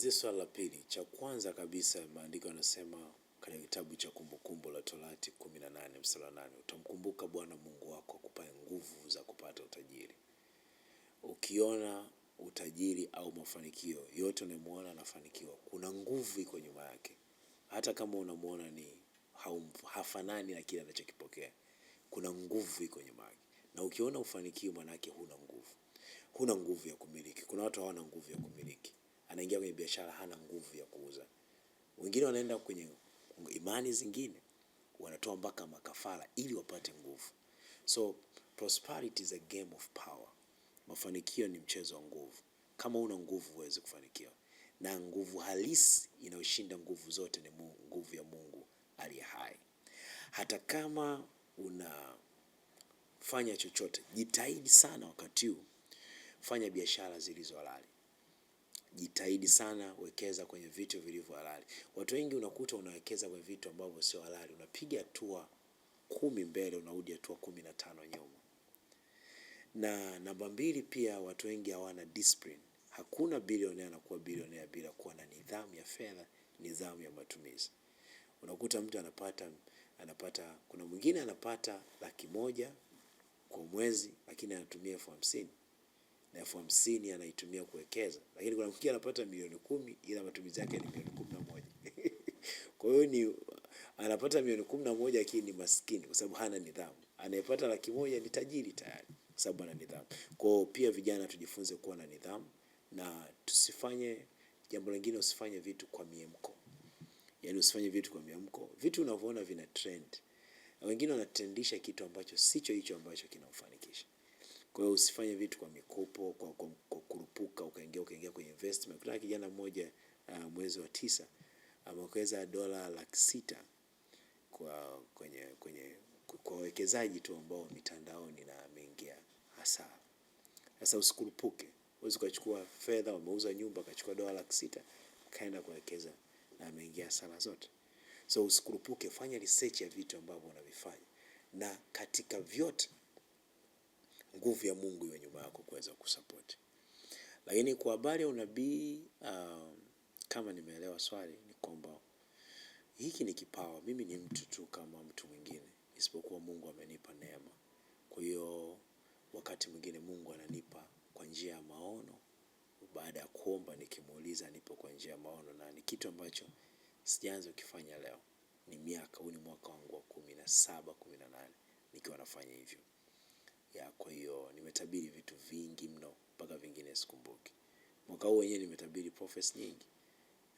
Nianzie swala la pili. Cha kwanza kabisa, maandiko yanasema katika kitabu cha Kumbukumbu la Torati kumi na nane mstari wa nane utamkumbuka Bwana Mungu wako akupae nguvu za kupata utajiri. Ukiona utajiri au mafanikio yote, unamuona anafanikiwa, kuna nguvu iko nyuma yake, hata kama unamuona ni hafanani na kile anachokipokea, kuna nguvu iko nyuma yake. Na ukiona ufanikio, maanake huna nguvu, huna nguvu ya kumiliki. Kuna watu hawana nguvu ya kumiliki anaingia kwenye biashara, hana nguvu ya kuuza. Wengine wanaenda kwenye imani zingine, wanatoa mpaka makafara ili wapate nguvu. So prosperity is a game of power. Mafanikio ni mchezo wa nguvu. Kama una nguvu huwezi kufanikiwa, na nguvu halisi inayoshinda nguvu zote ni Mungu, nguvu ya Mungu aliye hai. Hata kama unafanya chochote, jitahidi sana wakati huu, fanya biashara zilizo halali jitahidi sana, wekeza kwenye vitu vilivyo halali. Watu wengi unakuta unawekeza kwenye vitu ambavyo sio halali, unapiga hatua kumi mbele, unarudi hatua kumi na tano nyuma. Na namba mbili, pia watu wengi hawana discipline. Hakuna bilionea anakuwa bilionea bila kuwa na nidhamu ya fedha, nidhamu ya matumizi. Unakuta mtu anapata anapata, kuna mwingine anapata laki moja kwa mwezi, lakini anatumia elfu hamsini na elfu hamsini anaitumia kuwekeza, lakini kuna mfikia anapata milioni kumi ila matumizi yake ni milioni kumi na moja kwa hiyo ni anapata milioni kumi na moja lakini ni maskini kwa sababu hana nidhamu. Anayepata laki moja ni tajiri tayari kwa sababu ana nidhamu. Kwa hiyo pia vijana tujifunze kuwa na nidhamu na tusifanye jambo lingine, usifanye vitu kwa miemko, yaani usifanye vitu kwa miemko, vitu unavyoona vina trend, na wengine wanatendisha kitu ambacho sicho hicho ambacho kinamfanikisha. Kwa hiyo usifanye vitu kwa mikopo, kwa, kwa, kwa kurupuka ukaingia ukaingia kwenye investment. Kuna kijana mmoja uh, mwezi wa tisa amewekeza dola laki sita kwa kwenye kwenye kwa wawekezaji tu ambao mitandaoni na ameingia hasara. Sasa usikurupuke, uwezi ukachukua fedha, umeuza nyumba akachukua dola laki sita kaenda kuwekeza na ameingia hasara zote. So usikurupuke, fanya research ya vitu ambavyo unavifanya, na katika vyote nguvu ya Mungu iwe nyuma yako kuweza kusapoti. Lakini kwa habari ya unabii uh, kama nimeelewa swali ni kwamba hiki ni kipawa, mimi ni mtu tu kama mtu mwingine, isipokuwa Mungu amenipa neema. Kwa hiyo wakati mwingine Mungu ananipa kwa njia ya maono, baada ya kuomba nikimuuliza, nipo kwa njia ya maono, na ni kitu ambacho sijaanza kukifanya leo, ni miaka, huu ni mwaka wangu wa kumi na saba kumi na nane nikiwa nafanya hivyo ya kwa hiyo nimetabiri vitu vingi mno mpaka vingine sikumbuki. Mwaka huu wenyewe nimetabiri profes nyingi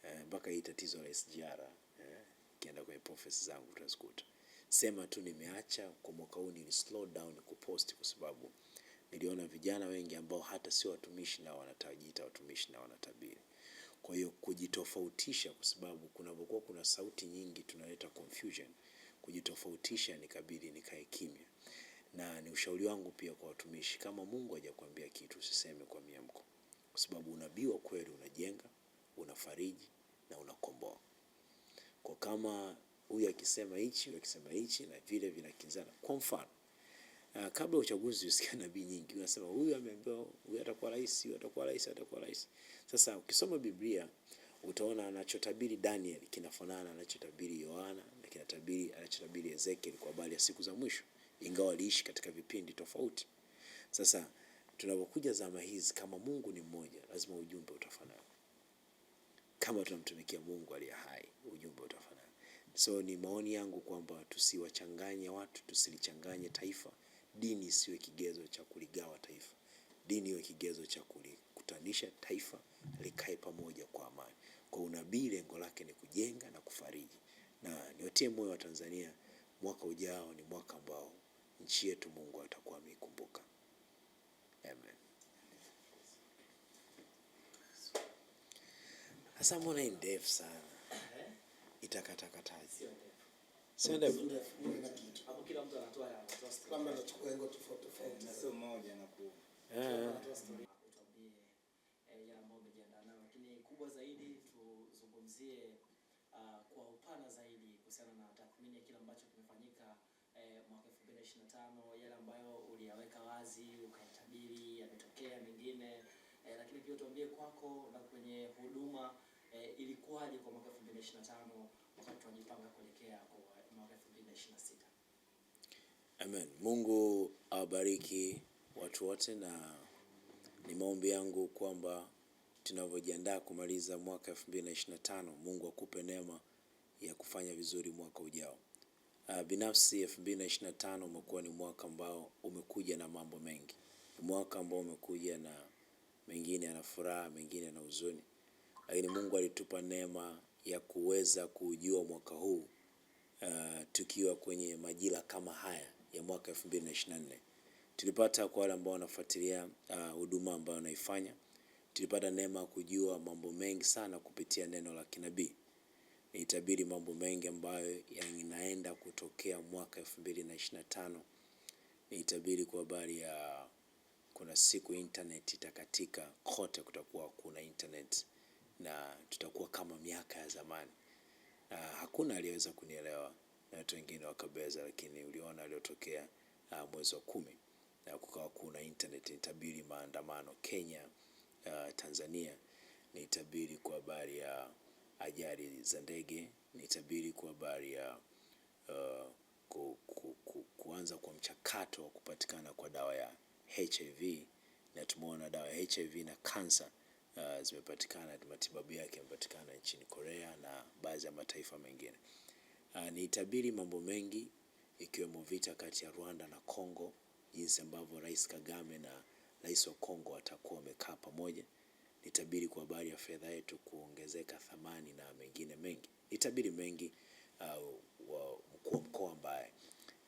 eh, mpaka hii tatizo la SGR eh, kienda kwenye profes zangu utazikuta. Sema tu nimeacha kwa mwaka huu, nili slow down kupost kwa sababu niliona vijana wengi ambao hata sio watumishi na wanatajiita watumishi na wanatabiri. Kwa hiyo kujitofautisha, kwa sababu kunapokuwa kuna sauti nyingi tunaleta confusion. Kujitofautisha nikabidi nikae kimya na ni ushauri wangu pia kwa watumishi, kama Mungu hajakwambia kitu usiseme kwa miamko, kwa sababu unabii wa kweli unajenga, unafariji na unakomboa. Kwa kama huyu akisema hichi, akisema hichi na vile vinakinzana. Kwa mfano Uh, kabla uchaguzi usikia nabii nyingi, unasema huyu ameambiwa huyu atakuwa rais, huyu atakuwa rais, atakuwa rais. Sasa ukisoma Biblia utaona anachotabiri Daniel kinafanana anachotabiri Yohana na kinatabiri anachotabiri Ezekiel kwa habari ya siku za mwisho ingawa waliishi katika vipindi tofauti. Sasa tunapokuja zama hizi, kama Mungu ni mmoja, lazima ujumbe utafanana. Kama tunamtumikia Mungu aliye hai, ujumbe utafanana. So ni maoni yangu kwamba tusiwachanganye watu, tusilichanganye taifa. Dini isiwe kigezo cha kuligawa taifa, dini iwe kigezo cha kulikutanisha taifa likae pamoja kwa amani. Kwa unabii lengo lake ni kujenga na kufariji, na niwatie moyo wa Tanzania, mwaka ujao ni mwaka ambao nchi yetu, Mungu atakuwa ameikumbuka. Amen. Sasa mbona ndefu sana itakatakatai? Sio ndefu eh, zaidi, tuzungumzie ah, kwa upana zaidi kuhusiana na tathmini ya kile ambacho 2025 yale ambayo uliyaweka wazi ukayatabiri yametokea mengine eh, lakini pia tuambie kwako na kwenye huduma eh, ilikuwaje kwa mwaka 2025 wakati tunajipanga kuelekea kwa mwaka 2026. Amen. Mungu awabariki watu wote, na ni maombi yangu kwamba tunavyojiandaa kumaliza mwaka 2025 Mungu akupe neema ya kufanya vizuri mwaka ujao. Uh, binafsi 2025 umekuwa ni mwaka ambao umekuja na mambo mengi, mwaka ambao umekuja na mengine yana furaha, mengine yana huzuni, lakini Mungu alitupa neema ya kuweza kujua mwaka huu uh, tukiwa kwenye majira kama haya ya mwaka 2024 tulipata kwa wale ambao wanafuatilia ah, huduma uh, ambayo naifanya tulipata neema ya kujua mambo mengi sana kupitia neno la kinabii nitabiri mambo mengi ambayo yanaenda kutokea mwaka elfu mbili na ishirini na tano. kwa habari ya kuna siku internet itakatika kote, kutakuwa kuna internet na tutakuwa kama miaka ya zamani. Na hakuna aliyeweza kunielewa na watu wengine wakabeza, lakini uliona aliyotokea ah, mwezi wa kumi na kukawa kuna internet. Nitabiri maandamano Kenya, uh, Tanzania. Nitabiri kwa habari ya ajali za ndege, ni tabiri kwa habari ya uh, ku, ku, ku, kuanza kwa mchakato wa kupatikana kwa dawa ya HIV na tumeona dawa ya HIV na kansa uh, zimepatikana, matibabu yake yamepatikana nchini Korea na baadhi ya mataifa mengine. Uh, ni tabiri mambo mengi ikiwemo vita kati ya Rwanda na Kongo, jinsi ambavyo Rais Kagame na Rais wa Kongo watakuwa wamekaa pamoja nitabiri kwa habari ya fedha yetu kuongezeka thamani na mengine mengi. Nitabiri mengi uh, wa mkuu wa mkoa ambaye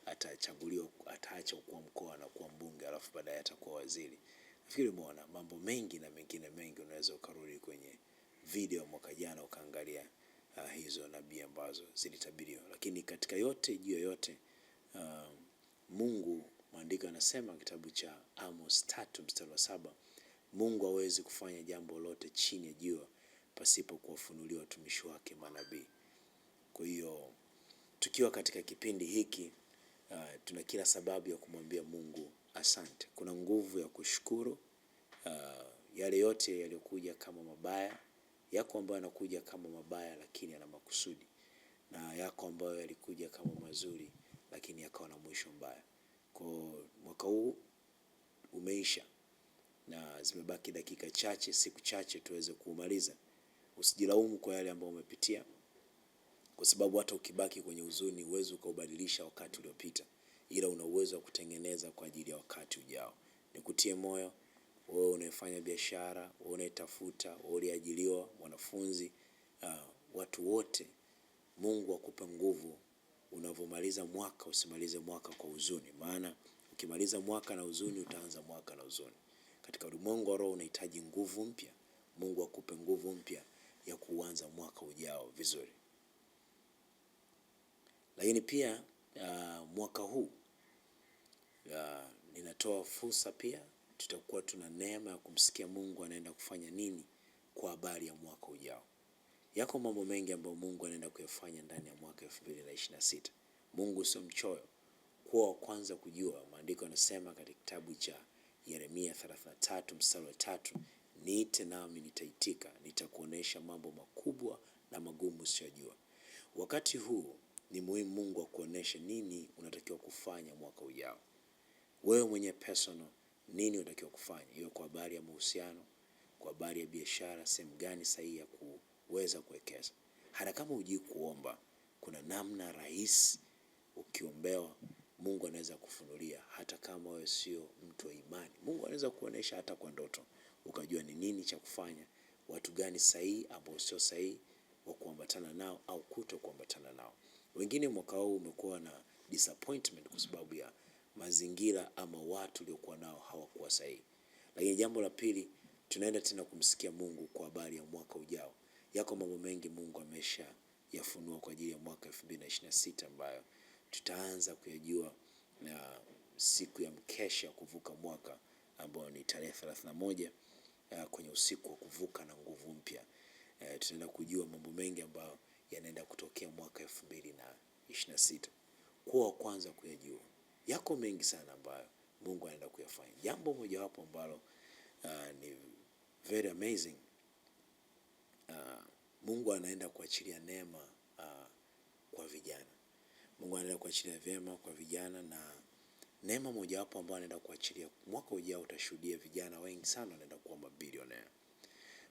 atachaguliwa, ataacha kuwa mkoa na kuwa mbunge, alafu baadaye atakuwa waziri. Nafikiri umeona mambo mengi na mengine mengi, unaweza ukarudi kwenye video mwaka jana ukaangalia uh, hizo nabii ambazo zilitabiriwa. Lakini katika yote juu ya yote uh, Mungu maandiko anasema kitabu cha Amos tatu mstari wa saba Mungu hawezi kufanya jambo lote chini ya jua pasipo kuwafunulia watumishi wake manabii. Kwa hiyo tukiwa katika kipindi hiki uh, tuna kila sababu ya kumwambia Mungu asante. Kuna nguvu ya kushukuru uh, yale yote yaliyokuja kama mabaya yako ambayo yanakuja kama mabaya lakini yana makusudi, na yako ambayo yalikuja kama mazuri lakini yakawa na mwisho mbaya. Kwa mwaka huu umeisha zimebaki dakika chache, siku chache tuweze kuumaliza. Usijilaumu kwa yale ambayo umepitia, kwa sababu hata ukibaki kwenye huzuni huwezi ukaubadilisha wakati uliopita, ila una uwezo wa kutengeneza kwa ajili ya wakati ujao. Nikutie moyo wewe unayefanya biashara, wewe unayetafuta, wewe uliajiliwa, wanafunzi, uh, ah, watu wote, Mungu akupe nguvu. Unavyomaliza mwaka usimalize mwaka kwa huzuni, maana ukimaliza mwaka na huzuni utaanza mwaka na huzuni. Katika ulimwengu wa roho unahitaji nguvu mpya. Mungu akupe nguvu mpya ya kuanza mwaka ujao vizuri. Lakini pia uh, mwaka huu uh, ninatoa fursa pia, tutakuwa tuna neema ya kumsikia Mungu anaenda kufanya nini kwa habari ya mwaka ujao. Yako mambo mengi ambayo Mungu anaenda kuyafanya ndani ya mwaka 2026. Mungu sio mchoyo, kuwa wa kwanza kujua. Maandiko yanasema katika kitabu cha Yeremia 33 mstari wa tatu, niite nami nitaitika, nitakuonesha mambo makubwa na magumu usiyojua. Wakati huu ni muhimu Mungu akuoneshe nini unatakiwa kufanya mwaka ujao. Wewe mwenye personal, nini unatakiwa kufanya, hiyo kwa habari ya mahusiano, kwa habari ya biashara, sehemu gani sahihi ya kuweza kuwekeza. Hata kama hujui kuomba, kuna namna rahisi ukiombewa Mungu anaweza kufunulia hata kama wewe sio mtu wa imani. Mungu anaweza kuonesha hata kwa ndoto, ukajua ni nini cha kufanya, watu gani sahihi ambao sio sahihi wa kuambatana nao au kuto kuambatana nao. Wengine mwaka huu umekuwa na disappointment kwa sababu ya mazingira ama watu uliokuwa nao hawakuwa sahihi. Lakini jambo la pili, tunaenda tena kumsikia Mungu kwa habari ya mwaka ujao. Yako mambo mengi Mungu amesha yafunua kwa ajili ya mwaka 2026 ambayo tutaanza kuyajua na siku ya mkesha kuvuka mwaka ambao ni tarehe thelathini na moja eh, kwenye usiku wa kuvuka na nguvu mpya. E, tutaenda kujua mambo mengi ambayo yanaenda kutokea mwaka elfu mbili na ishirini na sita. Kuwa wa kwanza kuyajua, yako mengi sana ambayo Mungu anaenda kuyafanya. Jambo mojawapo ambalo uh, ni very amazing uh, Mungu anaenda kuachilia neema uh, kwa vijana. Mungu anaenda kuachilia vyema kwa vijana, na neema mojawapo ambayo anaenda kuachilia mwaka ujao, utashuhudia vijana wengi sana wanaenda kuwa mabilionea.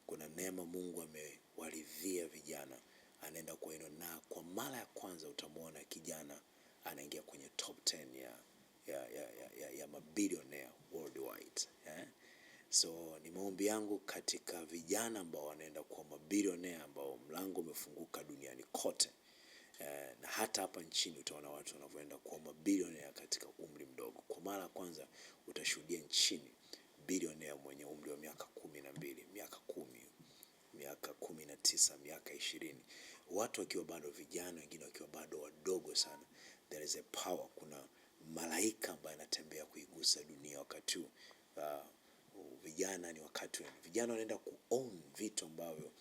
Kuna neema Mungu amewaridhia vijana, anaenda kuwainua, na kwa mara ya kwanza utamwona kijana anaingia kwenye top 10 ya, ya, ya, ya, ya mabilionea worldwide eh? So ni maombi yangu katika vijana ambao wanaenda kuwa mabilionea ambao mlango umefunguka duniani kote. Eh, na hata hapa nchini utaona watu wanavyoenda kuwa mabilionea katika umri mdogo. Kwa mara ya kwanza utashuhudia nchini bilionea mwenye umri wa miaka kumi na mbili, miaka kumi, miaka kumi na tisa, miaka ishirini, watu wakiwa bado vijana, wengine wakiwa bado wadogo sana. There is a power, kuna malaika ambaye anatembea kuigusa dunia wakati huu. Uh, vijana ni wakati wenu, vijana wanaenda kuown vitu ambavyo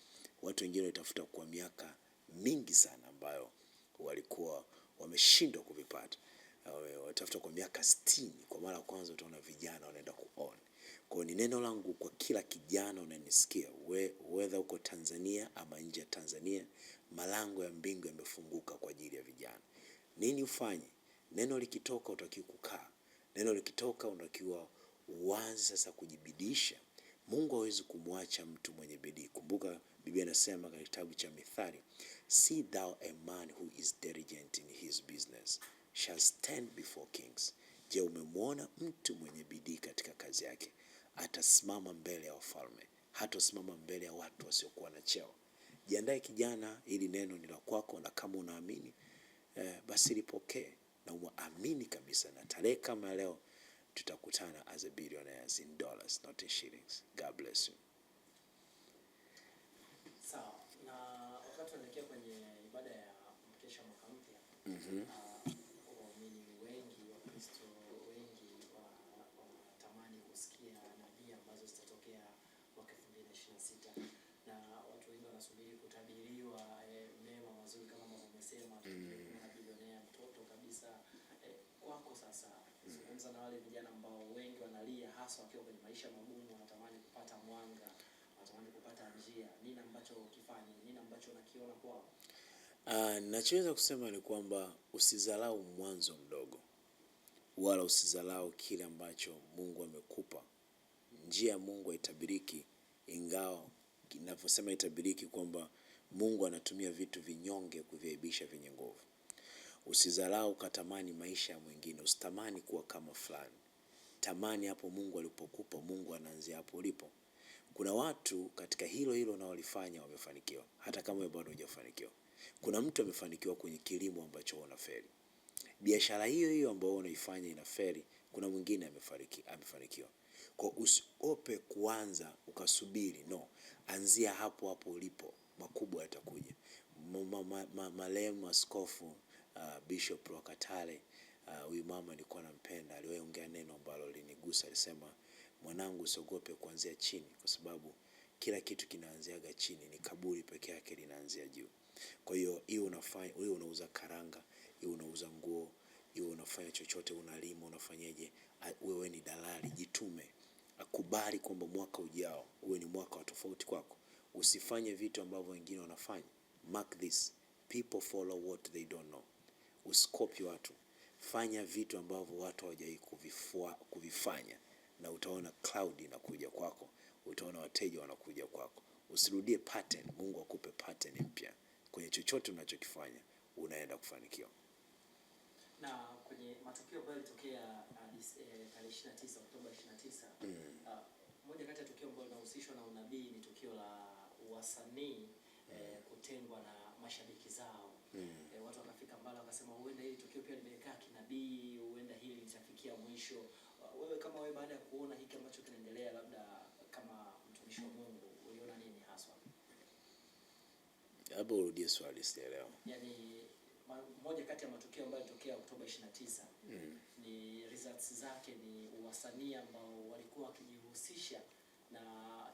watu wengine walitafuta kwa miaka mingi sana ambayo walikuwa wameshindwa kuvipata. Eh, Watafuta kwa miaka sitini, kwa mara ya kwanza utaona vijana wanaenda kuona. Kwa ni neno langu kwa kila kijana unanisikia, whether uko Tanzania ama nje ya Tanzania, malango ya mbingu yamefunguka kwa ajili ya vijana. Nini ufanye? Neno likitoka utakiwa kukaa, neno likitoka unatakiwa uanze sasa kujibidisha. Mungu hawezi kumwacha mtu mwenye bidii. Kumbuka Biblia inasema katika kitabu cha Mithali, see thou a man who is diligent in his business shall stand before kings. Je, umemwona mtu mwenye bidii katika kazi yake? Atasimama mbele ya wafalme, simama mbele ya watu wasiokuwa na cheo. Jiandae kijana, ili neno ni la kwako, na kama unaamini eh, basi lipokee na uamini kabisa. Na tarehe kama leo tutakutana as a billionaires in dollars not in shillings. God bless you. Sawa. Na wakati tunaelekea kwenye ibada ya mkesha mwaka mpya, mhm. ah, waumini wengi, Wakristo wengi wanatamani kusikia nabii ambazo zitatokea mwaka 2026 na watu wengi wanasubiri kutabiriwa eh, mema mazuri kama ambavyo umesema, mm. na bilionea mtoto kabisa eh, kwako. Sasa zungumza na wale vijana ambao wengi wanalia, hasa wakiwa kwenye maisha magumu, wanatamani kupata mwanga kupata njia, nini ambacho kifanye, nini ambacho nakiona kwao? Uh, ah, nachoweza kusema ni kwamba usizalau mwanzo mdogo, wala usizalau kile ambacho Mungu amekupa. Njia ya Mungu haitabiriki, ingawa inavyosema itabiriki kwamba Mungu anatumia vitu vinyonge kuviaibisha vyenye nguvu. Usizalau katamani maisha ya mwingine, usitamani kuwa kama fulani. Tamani hapo Mungu alipokupa. Mungu anaanzia hapo ulipo. Kuna watu katika hilo hilo unaolifanya wamefanikiwa, hata kama wewe bado hujafanikiwa. Kuna mtu amefanikiwa kwenye kilimo ambacho wewe feli, Biashara hiyo hiyo ambayo unaifanya ina feli, kuna mwingine amefanikiwa. Kwa usiope kuanza ukasubiri, no, anzia hapo hapo ulipo, makubwa yatakuja. Marehemu Askofu uh, Bishop Lwakatare uh, huyu uh, mama nilikuwa nampenda, aliwahi ongea neno ambalo linigusa, alisema mwanangu, usiogope kuanzia chini, kwa sababu kila kitu kinaanziaga chini, ni kaburi peke yake linaanzia juu. Kwa hiyo iwe unafanya hiyo, unauza karanga, iwe unauza nguo, iwe unafanya chochote, unalima, unafanyaje, wewe ni dalali, jitume. Akubali kwamba mwaka ujao uwe ni mwaka wa tofauti kwako. Usifanye vitu ambavyo wengine wanafanya. Mark this, people follow what they don't know. Usikopi watu, fanya vitu ambavyo watu hawajawahi kuvifanya na utaona cloud inakuja kwako, utaona wateja wanakuja kwako. Usirudie pattern, Mungu akupe pattern mpya kwenye chochote unachokifanya, unaenda kufanikiwa. Na kwenye matukio ambayo yalitokea uh, eh, tarehe 29 Oktoba 29, mm. uh, moja kati ya tukio ambalo linahusishwa na unabii ni tukio la wasanii eh, mm. kutengwa na mashabiki zao mm. Eh, watu wakafika mbali wakasema, huenda hili tukio pia limekaa kinabii, huenda hili litafikia mwisho wewe kama wewe, baada ya kuona hiki ambacho kinaendelea, labda kama mtumishi wa Mungu uliona nini haswa? Hapo urudie swali, sijaelewa. Yaani moja kati ya matukio ambayo yalitokea Oktoba 29 mm. ni results zake ni wasanii ambao walikuwa wakijihusisha na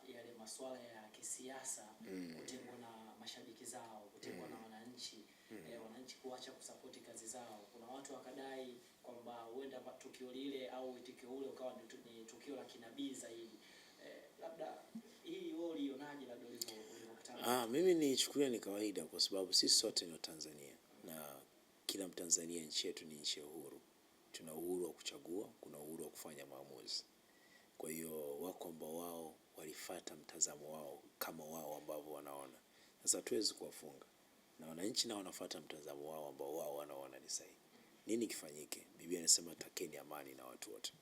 yale masuala ya kisiasa mm. kutengwa na mashabiki zao, kutengwa mm. na wananchi mm E, wananchi kuacha kusapoti kazi zao. Kuna watu wakadai kwamba huenda tukio lile au tukio ule ukawa ni tukio la kinabii zaidi. E, labda hii wewe ulionaje, labda ulivyokutana? Ah, mimi nichukulia ni kawaida, kwa sababu sisi sote ni Watanzania na kila Mtanzania, nchi yetu ni nchi ya uhuru. Tuna uhuru wa kuchagua, kuna uhuru wa kufanya maamuzi. Kwa hiyo wako ambao wao walifata mtazamo wao kama wao ambavyo wanaona sasa, hatuwezi kuwafunga na wananchi nao wanafuata mtazamo wao ambao wao wanaona ni sahihi. Nini kifanyike? Biblia inasema takeni amani na watu wote.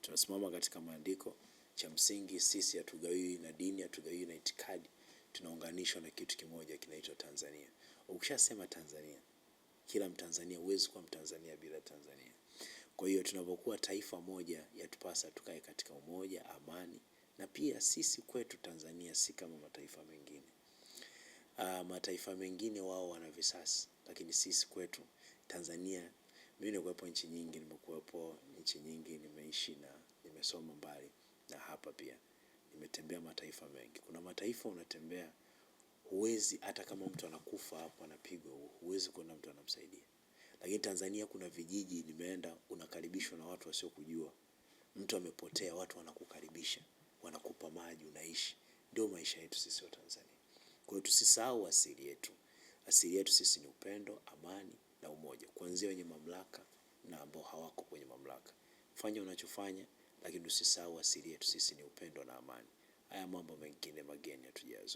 Tunasimama katika maandiko, cha msingi sisi hatugawiwi na dini, hatugawiwi na itikadi, tunaunganishwa na kitu kimoja kinaitwa Tanzania. Ukishasema Tanzania, kila Mtanzania, huwezi kuwa Mtanzania bila Tanzania. Kwa hiyo tunapokuwa taifa moja, yatupasa tukae katika umoja, amani, na pia sisi kwetu Tanzania si kama mataifa mengine uh, mataifa mengine wao wana visasi, lakini sisi kwetu Tanzania, mimi nimekuwepo nchi nyingi, nimekuwepo nchi nyingi, nimeishi na nimesoma mbali na hapa pia nimetembea mataifa mengi. Kuna mataifa unatembea huwezi, hata kama mtu anakufa hapo anapigwa, huwezi kuona mtu anamsaidia. Lakini Tanzania kuna vijiji nimeenda, unakaribishwa na watu wasiokujua. Mtu amepotea, watu wanakukaribisha, wanakupa maji, unaishi. Ndio maisha yetu sisi wa Tanzania. Kwa hiyo tusisahau asili yetu. Asili yetu sisi ni upendo, amani na umoja, kuanzia wenye mamlaka na ambao hawako kwenye mamlaka. Fanya unachofanya, lakini usisahau asili yetu sisi ni upendo na amani. Haya mambo mengine mageni hatujayazoea.